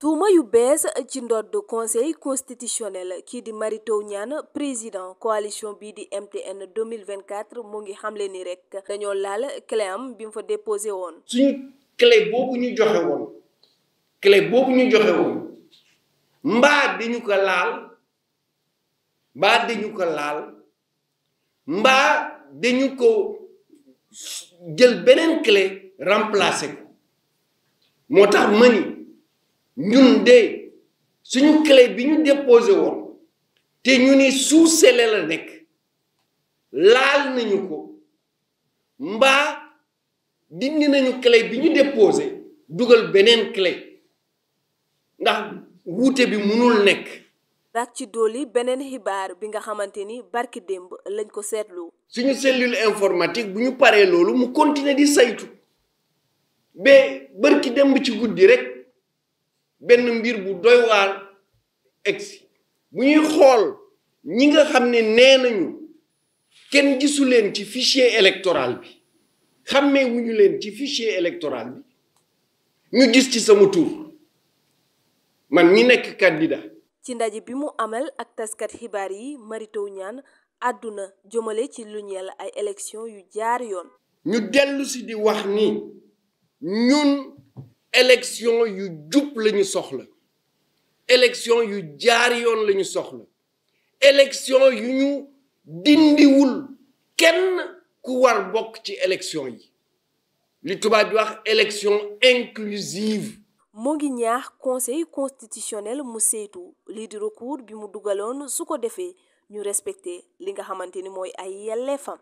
tuuma yu bees ci ndodd conseil constitutionnel kii di Mary Teuw président coalition bii di MTN 2024 mu ngi xamle ni rek dañoo laal clé am bi mu fa déposé woon suñu clé boobu ñu joxe woon clé boobu ñu joxe woon mbaa di ko laal mbaa dañu ko jël beneen clé remplacé ko moo tax ma ni ñun de suñu clé bi ñu déposé woon te ñu ni sous scellé la nekk laal nañu ko mbaa dindi nañu clé bi ñu déposé dugal beneen clé ndax wuute bi munul nekk rax ci dolli beneen xibaar bi nga xamante ni barki démb lañ ko seetlu. suñu cellule informatique bu ñu paree loolu mu continuer di saytu ba barki démb ci guddi rek benn mbir bu doy waar egsi bu ñuy xool ñi nga xam ne nee nañu kenn gisu leen ci fichier électoral bi xàmmee wuñu leen ci fichier électoral bi ñu gis ci sama tur man mi nekk candidat. ci ndaje bi mu amal ak taskat xibaar yi Mary Teuw Niane àdduna jëmale ci lu ñeel ay élection yu jaar yoon ñu dellu di wax ni ñun élection yu jub lañu soxla élection yu jaar yoon lañu soxla élection yu ñu dindiwul kenn ku war bokk ci élection yi li tubaab di wax élection inclusive moo ngi ñaax conseil constitutionnel mu saytu lii di recours bi mu dugaloon su ko defee ñu respecté li nga xamante ni mooy ay yelleefam